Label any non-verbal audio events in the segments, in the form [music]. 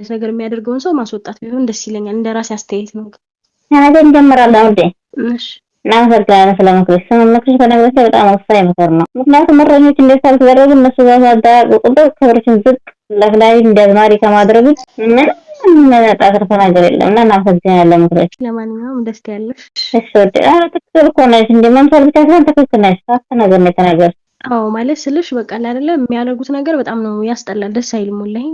አይነት ነገር የሚያደርገውን ሰው ማስወጣት ቢሆን ደስ ይለኛል። እንደ ራሴ አስተያየት ነው። ነገ እንጀምራለን። እሺ እናመሰግናለን ስለ ምክርሽ። ምክርሽ በነገራችን በጣም ወሳኝ ምክር ነው። ምክንያቱም እረኞች እንደዛ አልተደረጉ እነሱ ጋር ሳዳቁቁ ክብርሽን ዝቅ ለፍላይ እንደ ዝማሪ ከማድረግ ምንም የሚመጣ ትርፍ ነገር የለም እና እናመሰግናለን ምክርሽ። ለማንኛውም ደስ ያለሽ። እሺ ውዴ። ኧረ ትክክል እኮ ነሽ። እንደ መምሰል ብቻ ሳይሆን ትክክል ነሽ። ሳት ነገር ነው የተናገርሽ አዎ ማለት ስልሽ በቃ አይደለ የሚያደርጉት ነገር በጣም ነው ያስጠላል። ደስ አይልም። ወላሂ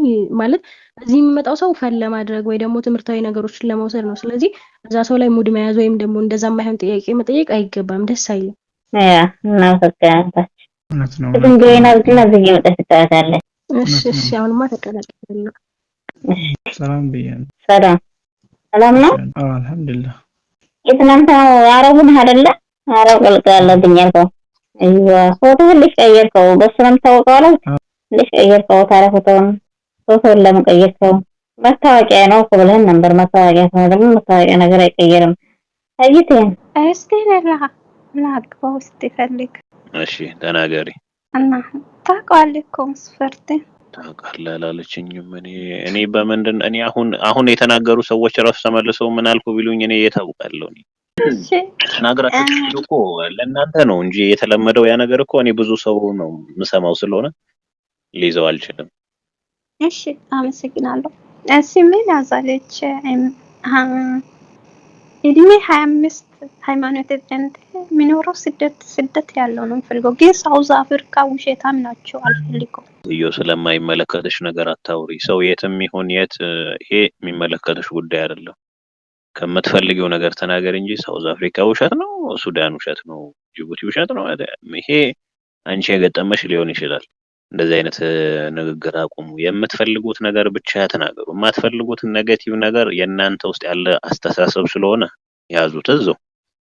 ማለት እዚህ የሚመጣው ሰው ፈን ለማድረግ ወይ ደግሞ ትምህርታዊ ነገሮችን ለመውሰድ ነው። ስለዚህ እዛ ሰው ላይ ሙድ መያዝ ወይም ደግሞ እንደዛ የማይሆን ጥያቄ መጠየቅ አይገባም። ደስ አይልም። ያ ሰላም ብያለሁ። ሰላም ሰላም ነው። አልሐምዱሊላህ የትናንትናው አረቡን አደለ አረብ ቀልቀለብኝ ያለብኛል እይዋ ፎቶህ ልጅ ቀየርከው፣ በሱ ነው የምታወቀው አላት። ልጅ ቀየርከው፣ ታዲያ ፎቶውን ፎቶውን ለምን ቀየርከው? መታወቂያ ነው እኮ ብለህን ነበር። መታወቂያ ነው ደግሞ መታወቂያ ነገር አይቀየርም። አይተን እስቲ ሌላ ምናግባው ውስጥ እሺ ተናገሪ እና ታውቃለህ እኮ መስፈርት ታውቃለህ አላለችኝም። እኔ እኔ በምንድን እኔ አሁን አሁን የተናገሩ ሰዎች ራሱ ተመልሰው ምን አልኩ ቢሉኝ እኔ የታውቃለሁ እኔ ተናግራችሁ እኮ ለእናንተ ነው እንጂ የተለመደው ያ ነገር እኮ እኔ ብዙ ሰው ነው የምሰማው ስለሆነ ሊይዘው አልችልም። እሺ አመሰግናለሁ። እሺ ምን ያዛለች እድሜ ሀያ አምስት ሃይማኖት ጥንት የሚኖረው ስደት ስደት ያለው ነው ፈልገው ግን ሳውዝ አፍሪካ ውሸታም ናቸው አልፈልገው እዮ ስለማይመለከተሽ ነገር አታውሪ። ሰው የትም ይሁን የት ይሄ የሚመለከተሽ ጉዳይ አይደለም። ከምትፈልገው ነገር ተናገር እንጂ ሳውዝ አፍሪካ ውሸት ነው፣ ሱዳን ውሸት ነው፣ ጅቡቲ ውሸት ነው። ይሄ አንቺ የገጠመሽ ሊሆን ይችላል። እንደዚህ አይነት ንግግር አቁሙ። የምትፈልጉት ነገር ብቻ ተናገሩ። የማትፈልጉትን ኔጌቲቭ ነገር የእናንተ ውስጥ ያለ አስተሳሰብ ስለሆነ ያዙት እዛው።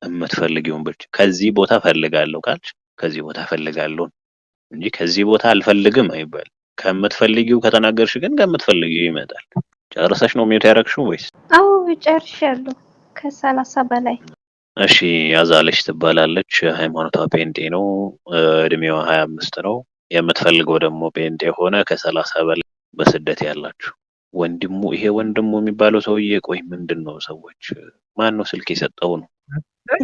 የምትፈልጊውን ብቻ ከዚህ ቦታ ፈልጋለሁ ካልሽ ከዚህ ቦታ ፈልጋለሁ እንጂ ከዚህ ቦታ አልፈልግም አይባል። ከምትፈልጊው ከተናገርሽ ግን ከምትፈልጊው ይመጣል። ጨርሰሽ ነው ሚውት ያደረግሽው ወይስ? አዎ ጨርሻለሁ። ከሰላሳ በላይ እሺ። ያዛለች ትባላለች። ሃይማኖቷ ጴንጤ ነው። እድሜዋ ሀያ አምስት ነው። የምትፈልገው ደግሞ ጴንጤ የሆነ ከሰላሳ በላይ በስደት ያላችሁ ወንድሙ ይሄ ወንድሙ የሚባለው ሰውዬ ቆይ ምንድን ነው ሰዎች ማን ነው ስልክ የሰጠው ነው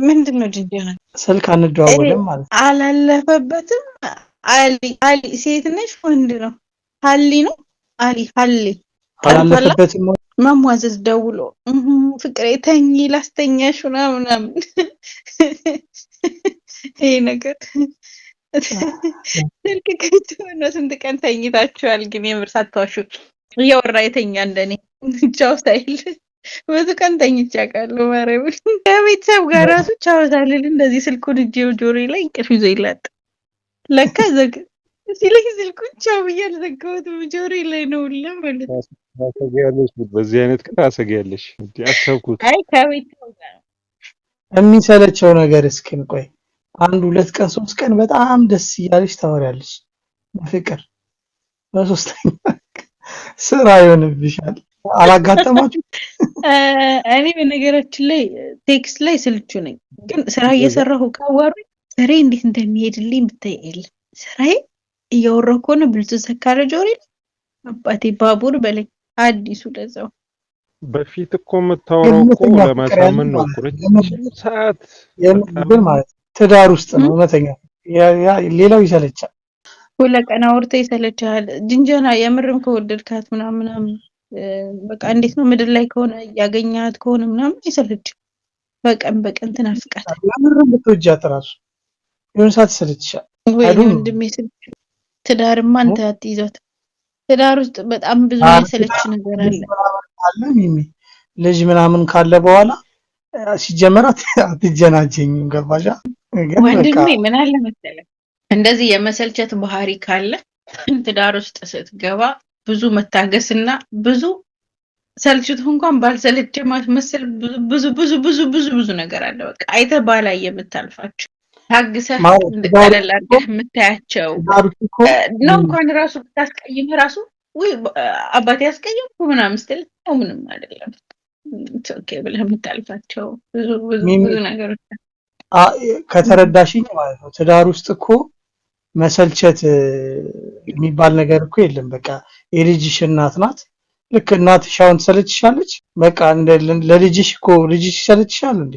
ምንድን ነው ድንጃ ስልክ አንደዋወልም ማለት አላለፈበትም አሊ አሊ ሴት ነሽ ወንድ ነው ሀሊ ነው አሊ ሀሊ አላለፈበትም ማሟዘዝ ደውሎ ፍቅሬ ተኝ ላስተኛሽ ምናምን [laughs] ይሄ ነገር [laughs] ስልክ ከቶ ነው። ስንት ቀን ተኝታችኋል? ግን የምር ሳታዋሹ እያወራ የተኛ እንደኔ [laughs] ቻው ሳይል ብዙ ቀን ተኝቼ አውቃለሁ። ማርያም ከቤተሰብ ጋር ራሱ ቻው ሳልል እንደዚህ ስልኩን እጅ ጆሮዬ ላይ እንቅልፍ ይዞ ይላጥ ለካ ዘግ ሲለኝ ስልኩን ቻው ብዬ አልዘጋሁትም። ላይ ነው ሁላ ማለት በዚህ አይነት ቀን ታሰጊያለሽ። አሰብኩት። አይ ከቤት የሚሰለቸው ነገር እስኪን ቆይ አንድ ሁለት ቀን ሶስት ቀን በጣም ደስ እያለች ታወሪያለች። ፍቅር በሶስተኛ ስራ ይሆንብሻል። አላጋጠማችሁ? እኔ በነገራችን ላይ ቴክስት ላይ ስልቹ ነኝ፣ ግን ስራ እየሰራሁ ካዋሩ ስራዬ እንዴት እንደሚሄድልኝ ብታይ የለ ስራዬ እያወራ ከሆነ ብልጥ ዘካረ ጆሪ አባቴ ባቡር በለኝ። አዲሱ ለዛው በፊት እኮ የምታወራው እኮ ለማሳመን ነው። ሰዓት የምትብል ማለት ትዳር ውስጥ ነው እውነተኛ። ሌላው ይሰለቻል። ሁለቀን አውርተ ይሰለቻል። ጅንጀና የምርም ከወደድካት ምናምን ምናምን በቃ እንዴት ነው ምድር ላይ ከሆነ ያገኛት ከሆነ ምናምን ይሰለች በቀን በቀን ትናፍቃት። የምርም ብትወጃት እራሱ የሆነ ሰዓት ይሰለችሻል። ወንድሜ ስልክ ትዳርማ አንተ አትይዟት። ትዳር ውስጥ በጣም ብዙ የሰለች ነገር አለ ልጅ ምናምን ካለ በኋላ ሲጀመራት አትጀናጀኝም። ገባሻ ወንድሜ? ምን አለ መሰለህ እንደዚህ የመሰልቸት ባህሪ ካለ ትዳር ውስጥ ስትገባ ብዙ መታገስ እና ብዙ ሰልችት እንኳን ባልሰለቸ ማስመሰል ብዙ ብዙ ብዙ ብዙ ብዙ ነገር አለ። በቃ አይተህ ባላ የምታልፋቸው ታግሰህ ቀለል አድርገህ የምታያቸው ነው። እንኳን ራሱ ብታስቀይምህ ራሱ ወይ አባቴ ምናምን ስትል ነው ምንም አይደለም ኦኬ ብለህ የምታልፋቸው ብዙ ብዙ ብዙ ነገሮች ከተረዳሽኝ ማለት ነው። ትዳር ውስጥ እኮ መሰልቸት የሚባል ነገር እኮ የለም። በቃ የልጅሽ እናት ናት። ልክ እናትሽ አሁን ትሰለችሻለች። በቃ ለልጅሽ እኮ ልጅሽ ይሰለችሻል እንዴ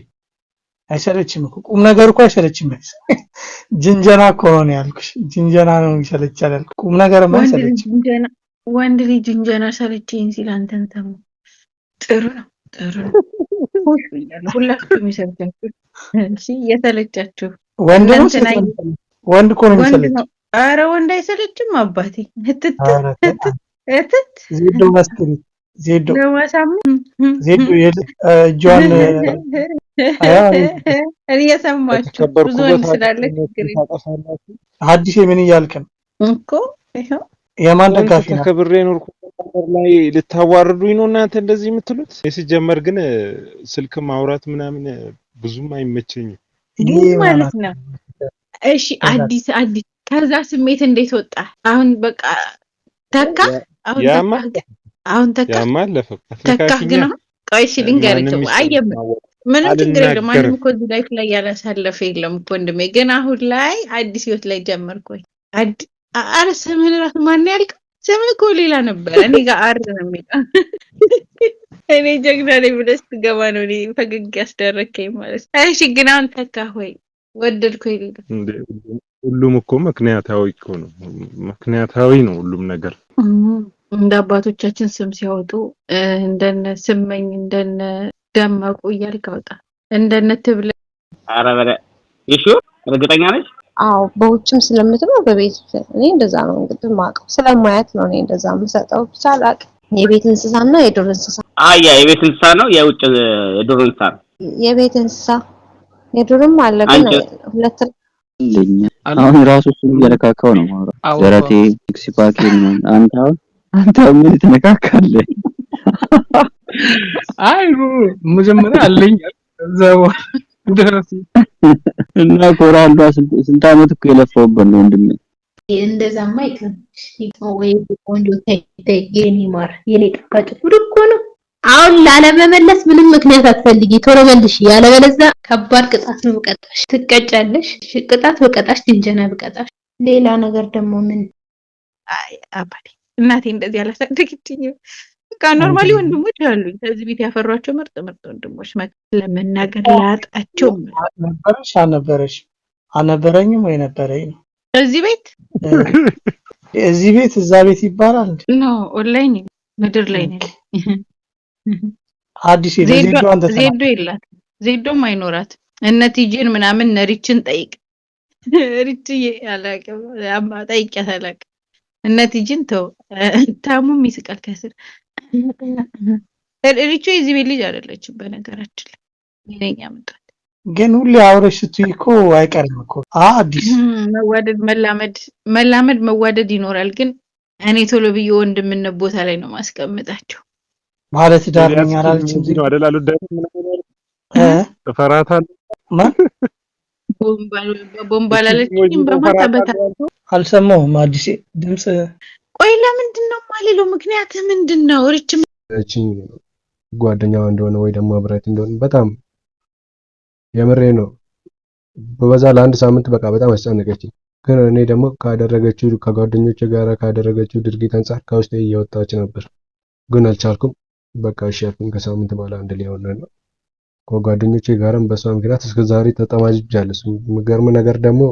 አይሰለችም እኮ ቁም ነገር እኮ አይሰለችም። ጅንጀና እኮ ነው ያልኩሽ። ጅንጀና ነው ይሰለቻል ያልኩሽ። ቁም ነገር አይሰለችም። ወንድ ልጅ ጅንጀና ሰለችኝ ሲል አንተን ተሙ። ጥሩ ነው ጥሩ ነው። ሁላችሁም ይሰለቻችሁ። እየሰለቻችሁ ወንድ ወንድ እኮ ነው ወንድ አይሰለችም አባቴ። እትት እትት ዜዶ መስክሪ ዜዶ ዜዶ እጇን [laughs] እየሰማችሁ ብዙን ስላለ ሀዲስ የምን እያልክ ነው እኮ የማን ደጋፊ ነው? ከብሬ ኖርኩ ላይ ልታዋርዱኝ ነው እናንተ እንደዚህ የምትሉት። ሲጀመር ግን ስልክ ማውራት ምናምን ብዙም አይመቸኝም ማለት ነው። እሺ አዲስ አዲስ ከዛ ስሜት እንዴት ወጣ? አሁን በቃ ተካ አሁን ተካ ያማ አለፈ ተካ ግን ቆይ እሺ ልንገርህ አየብህ ምንም ችግር የለም። ማንም እኮ እዚህ ላይፍ ላይ ያላሳለፈ የለም እኮ ወንድሜ። ግን አሁን ላይ አዲስ ህይወት ላይ ጀመርኩኝ። አረ ስምህን ራሱ ማን ያልከው? ስምህ እኮ ሌላ ነበረ። እኔ ጋር አር ነው የሚለው። እኔ ጀግና ላይ ብለህ ስትገባ ነው እኔ ፈገግ ያስደረከኝ ማለት ነው። እሺ ግን አሁን ተካ ሆይ ወደድኩ ይልል ሁሉም እኮ ምክንያታዊ እኮ ነው። ምክንያታዊ ነው ሁሉም ነገር እንደ አባቶቻችን ስም ሲያወጡ እንደነ ስመኝ እንደነ ደመቁ እያልክ በቃ እንደነ ትብል ኧረ በለ ይሹ እርግጠኛ ነች። አዎ በውጭም ስለምትለው በቤት እኔ እንደዛ ነው እንግዲህ ማቀው ስለማያት ነው። እኔ እንደዛ የምሰጠው ብቻ አላውቅም። የቤት እንስሳና የዱር እንስሳ አያ የቤት እንስሳ ነው የውጭ የዱር እንስሳ ነው። የቤት እንስሳ የዱርም አለ ግን ሁለት አሁን ራሱ እሱን እየነካካው ነው ማለት ደረቴ ሲክሲፓኬ አንተ አንተ ምን ትነካካለህ? [laughs] አይ መጀመሪያ አለኝ ዘው ደረስ እና ኮራ አንዷ ስንት ዓመት እኮ የለፋውበት ነው ወንድሜ። እንደዛማ አይከም ቆንጆ የኔ ማር የኔ ጣፋጭ ጉድ እኮ ነው። አሁን ላለመመለስ ምንም ምክንያት አትፈልጊ፣ ቶሎ መልሽ። ያለበለዚያ ከባድ ቅጣት ነው ብቀጣሽ፣ ትቀጫለሽ። ቅጣት ብቀጣሽ፣ ድንጀና ብቀጣሽ። ሌላ ነገር ደግሞ ምን አይ አባቴ እናቴ እንደዚህ አላሳደገችኝም። በቃ ኖርማሊ ወንድሞች አሉኝ። ከዚህ ቤት ያፈሯቸው ምርጥ ምርጥ ወንድሞች ለመናገር ላጣቸው ነበረሽ አልነበረሽ አልነበረኝም ወይ ነበረኝ ነው እዚህ ቤት እዚህ ቤት እዛ ቤት ይባላል ኖ ኦንላይን ምድር ላይ ነው። አዲስ ዜዶ የላት ዜዶም አይኖራት እነ ቲጂን ምናምን ነሪችን ጠይቅ ሪች ጠይቂያት አላውቅም። እነ እነቲጂን ተው ታሙም ይስቃል ከስር ሪቾ የዚህ ቤት ልጅ አይደለችም። በነገራችን ላይ ይነኛ ምጣት ግን ሁሌ አብረሽ ስትይ እኮ አይቀርም እኮ አዲስ መዋደድ መላመድ መላመድ መዋደድ ይኖራል። ግን እኔ ቶሎ ብዬ ወንድምነት ቦታ ላይ ነው ማስቀምጣቸው። ማለት ዳርኛ አላለችም አደላሉ ፈራታል ቦምባ በማታ በታ አልሰማሁም። አዲሴ ድምፅ ቆይ ለምንድን ነው የማልለው? ምክንያት ምንድን ነው? ርችም እቺ ጓደኛዋ እንደሆነ ወይ ደግሞ አብራት እንደሆነ በጣም የምሬ ነው። በበዛ ለአንድ ሳምንት በቃ በጣም አስጨነቀች። ግን እኔ ደግሞ ካደረገችው ከጓደኞች ጋር ካደረገችው ድርጊት አንጻር ከውስጤ እየወጣች ነበር፣ ግን አልቻልኩም። በቃ እሺ አልኩኝ። ከሳምንት በኋላ አንድ ሊሆን ነው ከጓደኞቼ ጋርም በሷ ምክንያት እስከ ዛሬ ተጠማጅጃለሁ። የሚገርም ነገር ደግሞ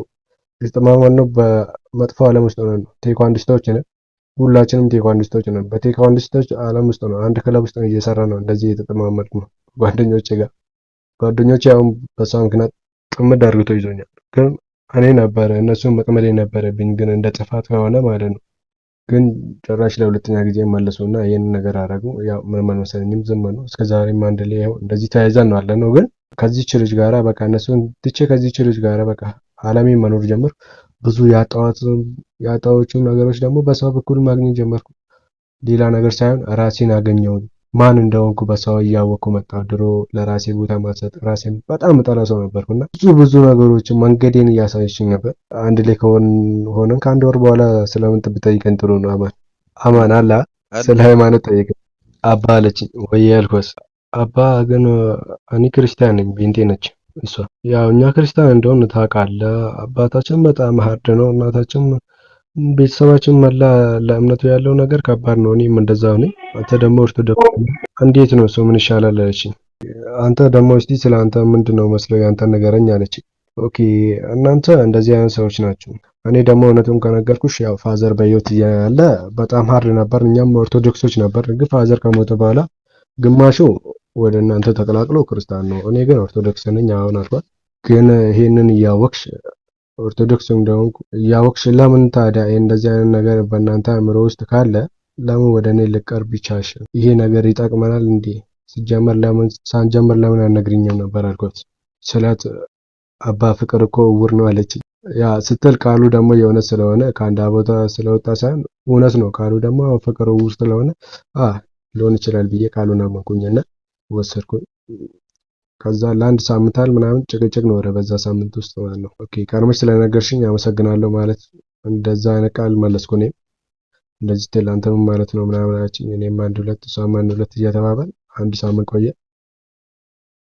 የተጠማማነው በመጥፎ ዓለም ውስጥ ሆነን ነው። ቴኳንዲስታዎች ነን ሁላችንም ቴኳንዲስቶች ነን። በቴኳንዲስቶች ዓለም ውስጥ ነው አንድ ክለብ ውስጥ ነው እየሰራ ነው እንደዚህ የተጠማመድ ነው ጓደኞቼ ጋር ጓደኞቼ አሁን በሷ ምክንያት ጥምድ አድርግቶ ይዞኛል። ግን እኔ ነበረ እነሱን መጥመድ የነበረብኝ ግን እንደ ጥፋት ከሆነ ማለት ነው። ግን ጭራሽ ለሁለተኛ ጊዜ መለሱ እና ይህን ነገር አረጉ። ያው ምንም አልመሰለኝም፣ ዝም ነው። እስከ ዛሬም አንድ ላይ ያው እንደዚህ ተያይዘን ነው አለ ነው። ግን ከዚህች ልጅ ጋራ በቃ እነሱን ትቼ ከዚህች ልጅ ጋራ በቃ አለሜ መኖር ጀምር ብዙ ያጣዋት ያጣዎቹን ነገሮች ደግሞ በሰው በኩል ማግኘት ጀመርኩ። ሌላ ነገር ሳይሆን ራሴን አገኘው። ማን እንደሆንኩ በሰው እያወቅኩ መጣሁ። ድሮ ለራሴ ቦታ ማሰጥ ራሴን በጣም እጠላ ሰው ነበርኩ እና ብዙ ብዙ ነገሮች መንገዴን እያሳየችኝ ነበር። አንድ ላይ ከሆን ሆነን ከአንድ ወር በኋላ ስለምን ትብጠይቀን ጥሩ ነው። አማን አማን አለ ስለ ሃይማኖት ጠይቀን አባ አለችኝ። ወይ ያልኳስ አባ ግን እኔ ክርስቲያን ነኝ፣ ቤንቴ ነች እሷ። ያው እኛ ክርስቲያን እንደሆን ታውቃለህ። አባታችን በጣም ሀርድ ነው፣ እናታችን ቤተሰባችን መላ ለእምነቱ ያለው ነገር ከባድ ነው። እኔም እንደዛው ነኝ። አንተ ደግሞ ኦርቶዶክስ እንዴት ነው ሰው ምን ይሻላል አለችኝ። አንተ ደግሞ እስቲ ስለ አንተ ምንድን ነው መስለው ያንተ ነገረኝ አለችኝ። ኦኬ እናንተ እንደዚህ አይነት ሰዎች ናቸው። እኔ ደግሞ እውነቱን ከነገርኩሽ ያው ፋዘር በህይወት እያለ በጣም ሀርድ ነበር። እኛም ኦርቶዶክሶች ነበር፣ ግን ፋዘር ከሞተ በኋላ ግማሹ ወደ እናንተ ተቀላቅሎ ክርስቲያን ነው፣ እኔ ግን ኦርቶዶክስ ነኝ አሁን አልኳት። ግን ይሄንን እያወቅሽ ኦርቶዶክስ እንደሆንኩ እያወቅሽ ለምን ታዲያ ይህ እንደዚህ አይነት ነገር በእናንተ አእምሮ ውስጥ ካለ ለምን ወደ እኔ ልቀርብ ይቻልሽ? ይሄ ነገር ይጠቅመናል እንዴ? ሲጀመር ለምን ሳንጀምር ለምን አነግሪኝም ነበር አልኳት። ስላት አባ ፍቅር እኮ እውር ነው አለች። ያ ስትል ቃሉ ደግሞ የእውነት ስለሆነ ከአንድ ቦታ ስለወጣ ሳይሆን እውነት ነው። ቃሉ ደግሞ ፍቅር እውር ስለሆነ ሊሆን ይችላል ብዬ ቃሉን አመንኩኝና ወሰድኩኝ። ከዛ ለአንድ ሳምንት አል ምናምን ጭቅጭቅ ኖረ በዛ ሳምንት ውስጥ ማለት ነው። ኦኬ ቀድመሽ ስለነገርሽኝ አመሰግናለሁ ማለት እንደዛ አይነት ቃል መለስኩ። እኔም እንደዚህ ትል አንተም ማለት ነው ምናምን አለችኝ። እኔም አንድ ሁለት እሷም አንድ ሁለት እየተባባል አንድ ሳምንት ቆየ።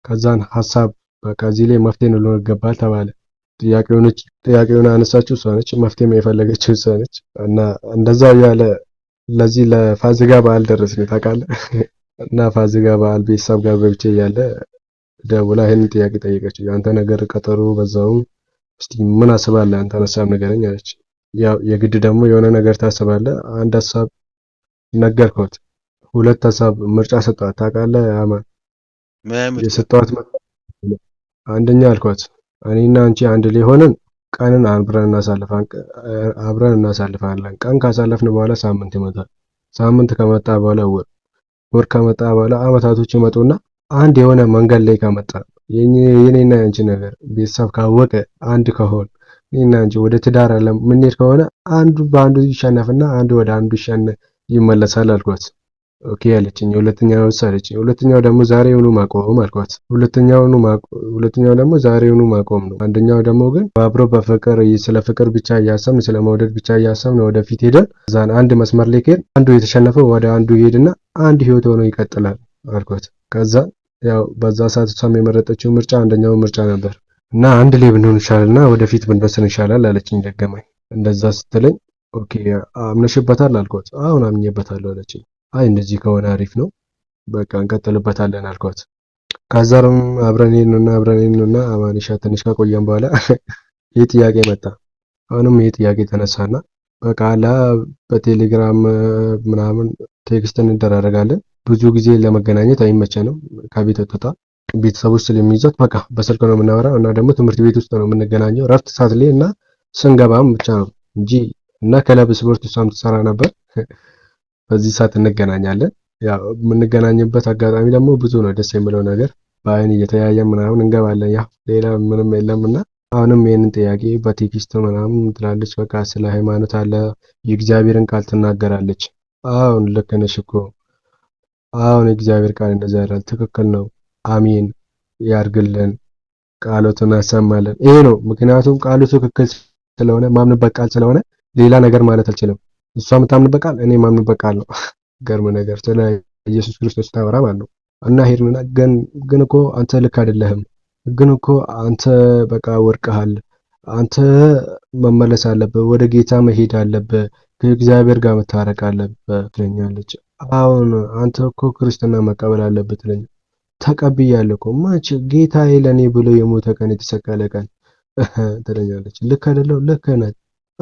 ከዛን ሀሳብ በቃ እዚህ ላይ መፍትሄ ነው ሊሆን ይገባል ተባለ። ጥያቄውን አነሳችው እሷ ነች፣ መፍትሄም የፈለገችው እሷ ነች። እና እንደዛ እያለ ለዚህ ለፋዚጋ በዓል ደረስን ታውቃለህ። [laughs] እና ፋዚጋ በዓል ቤተሰብ ጋር ገብቼ እያለ ደውላ ይህንን ጥያቄ ጠየቀች። የአንተ ነገር ቀጠሮ በዛውም፣ እስቲ ምን አስባለህ አንተ ሀሳብ ንገረኝ አለች። ያው የግድ ደግሞ የሆነ ነገር ታስባለህ። አንድ ሀሳብ ነገርኩት፣ ሁለት ሀሳብ ምርጫ ሰጧት። ታውቃለህ አማን የሰጧት አንደኛ አልኳት እኔና አንቺ አንድ ላይ ሆነን ቀንን አብረን አብረን እናሳልፋለን። ቀን ካሳለፍን በኋላ ሳምንት ይመጣል። ሳምንት ከመጣ በኋላ ወር፣ ወር ከመጣ በኋላ አመታቶች ይመጡና አንድ የሆነ መንገድ ላይ ከመጣ የኔና ያንቺ ነገር ቤተሰብ ካወቀ አንድ ከሆን እኔና አንቺ ወደ ትዳር አለም ምንሄድ ከሆነ አንዱ በአንዱ ይሸነፍና አንዱ ወደ አንዱ ይሸነፍ ይመለሳል አልኳት። ኦኬ ያለችኝ። ሁለተኛው ወሰደች። ሁለተኛው ደግሞ ዛሬውኑ ማቆም አልኳት። ሁለተኛውኑ ሁለተኛው ደግሞ ዛሬውኑ ማቆም ነው። አንደኛው ደግሞ ግን በአብሮ በፍቅር ስለ ፍቅር ብቻ እያሰብን ስለ መውደድ ብቻ እያሰብን ወደፊት ሄደን እዛን አንድ መስመር ላይ ከሄድ አንዱ የተሸነፈው ወደ አንዱ ይሄድና አንድ ህይወት ሆኖ ይቀጥላል አልኳት። ከዛ ያው በዛ ሰዓት እሷም የመረጠችው ምርጫ አንደኛው ምርጫ ነበር እና አንድ ላይ ብንሆን ይሻላል እና ወደፊት ብንወስን ይሻላል አለችኝ። ደገመኝ። እንደዛ ስትለኝ ኦኬ አምነሽበታል አልኳት። አሁን አምኜበታለሁ አለችኝ። አይ እንደዚህ ከሆነ አሪፍ ነው፣ በቃ እንቀጥልበታለን አልኳት። ከዛም አብረን ነውና አብረን ነውና አማኒሻ ትንሽ ከቆየን በኋላ [laughs] ይህ ጥያቄ መጣ። አሁንም ይህ ጥያቄ ተነሳና በቃላ በቴሌግራም ምናምን ቴክስት እንደራረጋለን ብዙ ጊዜ ለመገናኘት አይመቸንም። ከቤት ወጥታ ቤተሰቦች ስለሚይዛት በቃ በስልክ ነው የምናወራው እና ደግሞ ትምህርት ቤት ውስጥ ነው የምንገናኘው ረፍት ሰዓት ላይ እና ስንገባም ብቻ ነው እንጂ እና ክለብ ስፖርት እሷም ትሰራ ነበር። [laughs] በዚህ ሰዓት እንገናኛለን። ያው የምንገናኝበት አጋጣሚ ደግሞ ብዙ ነው። ደስ የሚለው ነገር በአይን እየተያየ ምናምን እንገባለን። ያ ሌላ ምንም የለም እና አሁንም ይህንን ጥያቄ በቴክስት ምናምን ትላለች። በቃ ስለ ሃይማኖት አለ የእግዚአብሔርን ቃል ትናገራለች። አሁን ልክ ነሽ እኮ አሁን እግዚአብሔር ቃል እንደዛ ያላል ትክክል ነው። አሚን ያርግልን፣ ቃሎቱን ያሰማልን። ይሄ ነው ምክንያቱም ቃሉ ትክክል ስለሆነ ማምንበት ቃል ስለሆነ ሌላ ነገር ማለት አልችልም። እሷ የምታምንበት ቃል እኔ ማምንበት ቃል ነው። [laughs] ገርም ነገር ስለ ኢየሱስ ክርስቶስ ታወራ ማለት ነው እና ሄድምና ግን ግን እኮ አንተ ልክ አይደለህም፣ ግን እኮ አንተ በቃ ወርቀሃል፣ አንተ መመለስ አለብህ፣ ወደ ጌታ መሄድ አለብህ፣ ከእግዚአብሔር ጋር መታረቅ አለብህ ትለኛለች። አሁን አንተ እኮ ክርስትና መቀበል አለበት ለኝ ተቀብያለሁ እኮ ማች ጌታዬ ለኔ ብሎ የሞተ ቀን የተሰቀለ ቀን ትለኛለች። ልክ አይደለው? ልክ ናት።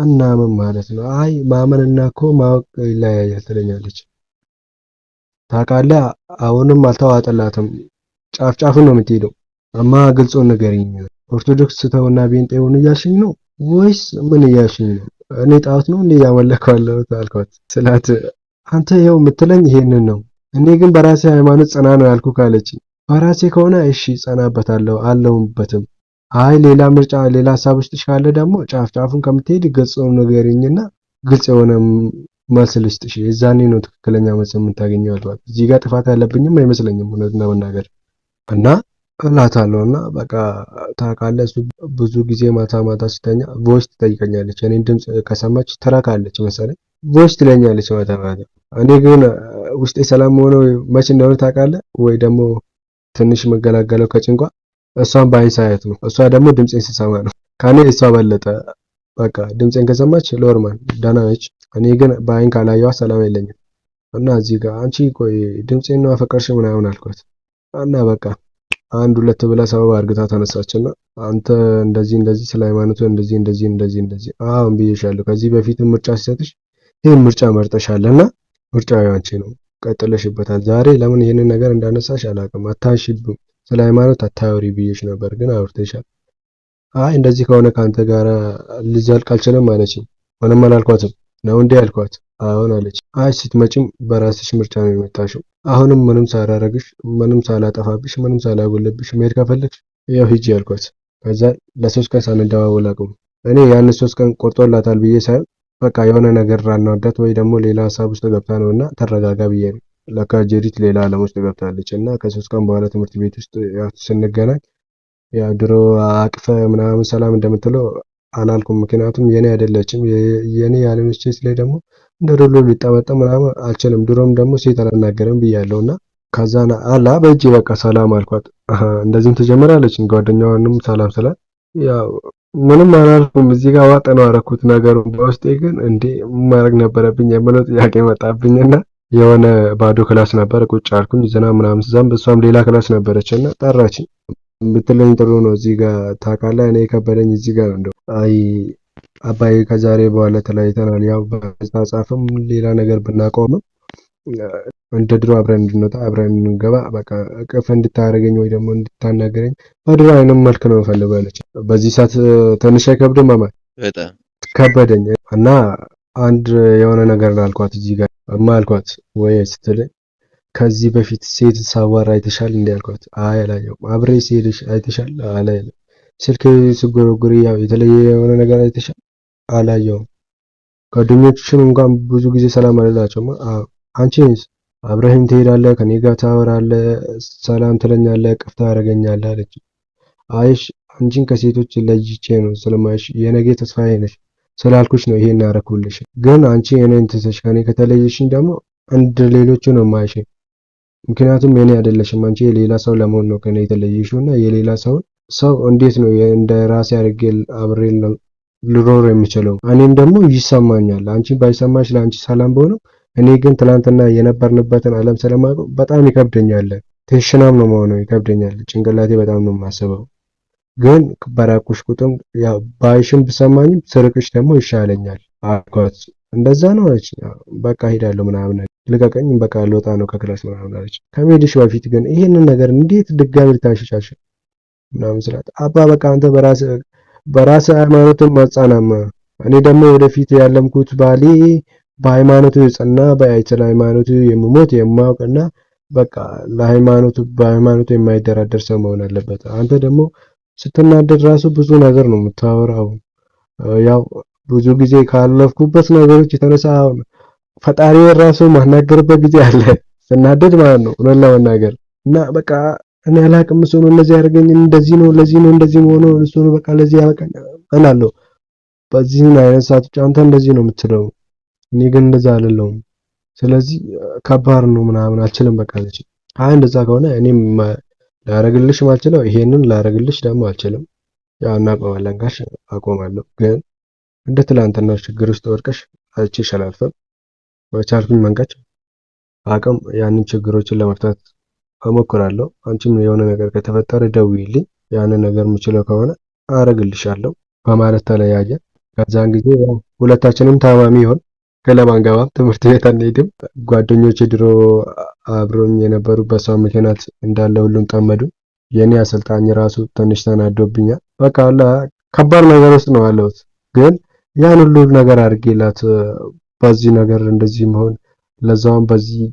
እናምን ማለት ነው። አይ ማመንና እኮ ማወቅ ይለያያል ትለኛለች። ታውቃለህ፣ አሁንም አልተዋጠላትም። ጫፍ ጫፉን ነው የምትሄደው። እማ ግልጹን ንገሪኝ፣ ኦርቶዶክስ ተውና ቤንጤ ሆነ እያልሽኝ ነው ወይስ ምን እያልሽኝ ነው? እኔ ጣዖት ነው እንዴ ያመለከዋለሁ አልኳት ስላት አንተ ይኸው የምትለኝ ይሄንን ነው፣ እኔ ግን በራሴ ሃይማኖት ጸና ነው ያልኩ ካለችኝ፣ በራሴ ከሆነ እሺ ጸናበታለሁ አለውበትም። አይ ሌላ ምርጫ ሌላ ሀሳብ ውስጥሽ ካለ ደግሞ ጫፍ ጫፉን ከምትሄድ ግልጽ ነገርኝና ግልጽ የሆነ መልስ ልስጥሽ። የዛኔ ነው ትክክለኛ መልስ የምታገኘው። እዚህ ጋር ጥፋት ያለብኝም አይመስለኝም እውነት ለመናገር እና እላታለሁ እና በቃ ታውቃለህ፣ እሱ ብዙ ጊዜ ማታ ማታ ሲተኛ ቮይስ ትጠይቀኛለች። እኔን ድምፅ ከሰማች ትረካለች መሰለኝ፣ ቮይስ ትለኛለች ማታ ማታ። እኔ ግን ውስጤ ሰላም ሆኖ መች እንደሆነ ታውቃለህ ወይ ደግሞ ትንሽ መገላገለው ከጭንቋ እሷን በአይሳየት ነው። እሷ ደግሞ ድምፄን ስሰማ ነው። ከኔ እሷ በለጠ። በቃ ድምፄን ከሰማች ሎርማን ደህና ነች። እኔ ግን በአይን ካላየዋ ሰላም የለኝም። እና እዚህ ጋር አንቺ ቆይ ድምፄን ነው አፈቀርሽ ምናምን አልኳት እና በቃ አንድ ሁለት ብላ ሰበብ አድርግታ ተነሳችና አንተ እንደዚህ እንደዚህ ስለ ሃይማኖቱ እንደዚህ እንደዚህ እንደዚህ እንደዚህ አሁን ብዬሻለሁ። ከዚህ በፊት ምርጫ ሲሰጥሽ ይህን ምርጫ መርጠሻልና ምርጫ ያንቺ ነው፣ ቀጥለሽበታል። ዛሬ ለምን ይህንን ነገር እንዳነሳሽ አላውቅም። አታሽብም፣ ስለ ሃይማኖት አታወሪ ብዬሽ ነበር፣ ግን አውርተሻል። አይ እንደዚህ ከሆነ ከአንተ ጋር ልዘልቅ አልችልም አለችኝ። ምንም አላልኳትም። ነው እንዴ አልኳት። አሁን አለች አይ ስትመጪም በራስሽ ምርጫ ነው የመጣሽው። አሁንም ምንም ሳላረግሽ፣ ምንም ሳላጠፋብሽ፣ ምንም ሳላጎልብሽ መሄድ ከፈለግሽ ያው ሂጂ ያልኳት። ከዛ ለሶስት ቀን ሳንደዋወል አቁም። እኔ ያን ሶስት ቀን ቆርጦላታል ብዬ ሳይሆን በቃ የሆነ ነገር ራናወዳት ወይ ደግሞ ሌላ ሀሳብ ውስጥ ገብታ ነው እና ተረጋጋ ብዬ ነው። ለካ ጀሪት ሌላ ዓለም ውስጥ ገብታለች እና ከሶስት ቀን በኋላ ትምህርት ቤት ውስጥ ስንገናኝ ያው ድሮ አቅፈ ምናምን ሰላም እንደምትለው አላልኩም። ምክንያቱም የኔ አይደለችም። የኔ ያለመቼ ስለ ደግሞ እንደ ዶሎ ሊጠመጠም ምናምን አልችልም። ድሮም ደግሞ ሴት አልናገርም ብያለሁ እና ከዛና አላ በእጅ በቃ ሰላም አልኳት። እንደዚህም ትጀምራለች። ጓደኛዋንም ሰላም ስላት ያው ምንም አላልኩም። እዚህ ጋር ዋጥ ነው አደረኩት ነገሩን። በውስጤ ግን እንዴ ማድረግ ነበረብኝ የምለው ጥያቄ መጣብኝና የሆነ ባዶ ክላስ ነበር ቁጭ አልኩኝ። ዝና ምናምን ስዛም እሷም ሌላ ክላስ ነበረች እና ጠራችኝ። ብትለኝ ጥሩ ነው እዚህ ጋር ታውቃለህ፣ እኔ የከበደኝ እዚህ ጋር ነው እንደው አይ አባዬ ከዛሬ በኋላ ተለያይተናል። ያው በመጻጻፍም ሌላ ነገር ብናቆምም እንደ ድሮ አብረን እንድንወጣ አብረን እንገባ በቃ እቅፍ እንድታደርገኝ ወይ ደግሞ እንድታናገረኝ በድሮ አይነት መልክ ነው የምፈልገው አለች። በዚህ ሰዓት ትንሽ አይከብድም? ማማ በጣም ከበደኝ እና አንድ የሆነ ነገር ላልኳት እዚህ ጋር እማ አልኳት ወይ ስትለኝ ከዚህ በፊት ሴት ሳዋራ አይተሻል? እንዲ አልኳት። አይ አላየሁም። አብሬ ሴት አይተሻል? አላየሁም። ስልክ ስጎረጉር ያው የተለየ የሆነ ነገር አይተሻል አላየውም። ጓደኞችም እንኳን ብዙ ጊዜ ሰላም አልላቸውም። አንቺንስ አብረህም ትሄዳለህ፣ ከኔ ጋር ታወራለህ፣ ሰላም ትለኛለህ፣ ቅፍታ ያደረገኛለህ አለች። አይሽ አንቺን ከሴቶች ለይቼ ነው ስለማይሽ የነገ ተስፋዬ ነሽ ስላልኩሽ ነው ይሄን ያረኩልሽ። ግን አንቺ የኔን ትተሽ ከኔ ከተለየሽኝ ደግሞ እንደ ሌሎቹ ነው ማይሽ። ምክንያቱም እኔ አይደለሽም አንቺ የሌላ ሰው ለመሆን ነው ከኔ የተለየሽው እና የሌላ ሰውን ሰው እንዴት ነው እንደ ራሴ አድርጌ አብሬ ልኖር የምችለው እኔም ደግሞ ይሰማኛል። አንቺ ባይሰማሽ ለአንቺ ሰላም በሆነው እኔ ግን ትላንትና የነበርንበትን ዓለም ስለማውቀው በጣም ይከብደኛል። ቴንሽናም ነው መሆነው ይከብደኛል። ጭንቅላቴ በጣም ነው የማስበው። ግን በራቁሽ ቁጥም ባይሽም ብሰማኝም ስርቅሽ ደግሞ ይሻለኛል አልኳት። እንደዛ ነው አለች። በቃ ሄዳለሁ ምናምን ልቀቀኝ፣ በቃ ልወጣ ነው ከክላስ ምናምን አለች። ከመሄድሽ በፊት ግን ይህንን ነገር እንዴት ድጋሚ ልታሸሻሽ ምናምን ስላት አባ በቃ አንተ በራስህ በራስ ሃይማኖትን ማጻናማ እኔ ደግሞ ወደፊት ያለምኩት ባሌ በሃይማኖቱ የጸና በአይተ ሃይማኖቱ የምሞት የማውቅና በቃ ለሃይማኖቱ በሃይማኖቱ የማይደራደር ሰው መሆን አለበት። አንተ ደግሞ ስትናደድ ራሱ ብዙ ነገር ነው የምታወራው። ያው ብዙ ጊዜ ካለፍኩበት ነገሮች የተነሳ ፈጣሪ ራሱ ማናገርበት ጊዜ አለ ስናደድ ማለት ነው እውነት ለመናገር እና በቃ እኔ አላቅም እሱ ነው እንደዚህ ያደርገኝ እንደዚህ ነው ለዚህ ነው እንደዚህ መሆኑ እሱ ነው በቃ ለዚህ ያበቃኝ እናለሁ። በዚህን አይነት ሰዓት ብቻ አንተ እንደዚህ ነው የምትለው፣ እኔ ግን እንደዛ አይደለሁም፣ ስለዚህ ከባድ ነው ምናምን አልችልም በቃ ልጅ። አይ እንደዛ ከሆነ እኔም ላረግልሽ ማልችለው ይሄንን ላረግልሽ ደግሞ አልችልም፣ ያው እናቆማለን ጋሽ አቆማለሁ። ግን እንደ ትላንትና ችግር ውስጥ ወድቀሽ አይቼሽ አላልፍም። በቻልኩኝ መንገድ አቅም ያንን ችግሮችን ለመፍታት እሞክራለሁ። አንቺም የሆነ ነገር ከተፈጠረ ደውዪልኝ፣ ያንን ነገር የምችለው ከሆነ አረግልሻለሁ በማለት ተለያየ። ከዛን ጊዜ ሁለታችንም ታማሚ ይሆን ክለብ አንገባም፣ ትምህርት ቤት አንሄድም። ጓደኞች ድሮ አብሮኝ የነበሩ በሷ ምክንያት እንዳለ ሁሉም ጠመዱ። የእኔ አሰልጣኝ ራሱ ትንሽ ተናዶብኛል። በቃ ሁላ ከባድ ነገር ውስጥ ነው ያለሁት። ግን ያን ሁሉ ነገር አድርጌላት በዚህ ነገር እንደዚህ መሆን ለዛውም በዚህ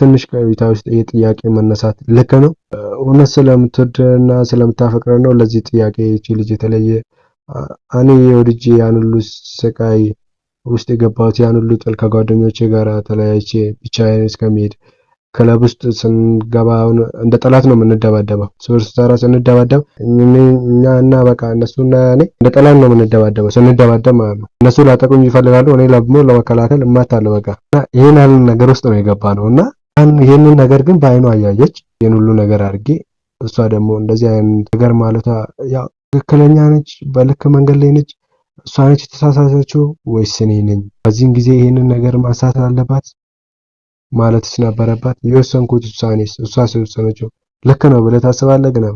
ትንሽ ቆይታ ውስጥ የጥያቄ መነሳት ልክ ነው። እውነት ስለምትወድና ስለምታፈቅረ ነው ለዚህ ጥያቄ ይቺ ልጅ የተለየ እኔ የወድጅ ያን ሁሉ ስቃይ ውስጥ የገባሁት ያን ሁሉ ጥል ከጓደኞቼ ጋር ተለያይቼ ብቻዬን እስከሚሄድ ክለብ ውስጥ ስንገባ እንደ ጠላት ነው የምንደባደበው። ስብርስ ሰራ ስንደባደብ እኛ እና በቃ እነሱና እኔ እንደ ጠላት ነው የምንደባደበው። ስንደባደብ ማለት ነው እነሱ ላጠቁኝ ይፈልጋሉ፣ እኔ ለሞ ለመከላከል እማታለሁ። በቃ ይህን ያህል ነገር ውስጥ ነው የገባ ነው እና ይህንን ነገር ግን በአይኗ አያየች ይህን ሁሉ ነገር አድርጌ እሷ ደግሞ እንደዚህ አይነት ነገር ማለቷ ያው ትክክለኛ ነች፣ በልክ መንገድ ላይ ነች፣ እሷ ነች የተሳሳተችው ወይስ እኔ ነኝ? በዚህን ጊዜ ይህንን ነገር ማንሳት አለባት ማለትስ ነበረባት። የወሰንኩት ውሳኔስ እሷ ሲወሰነችው ልክ ነው ብለህ ታስባለህ? ግን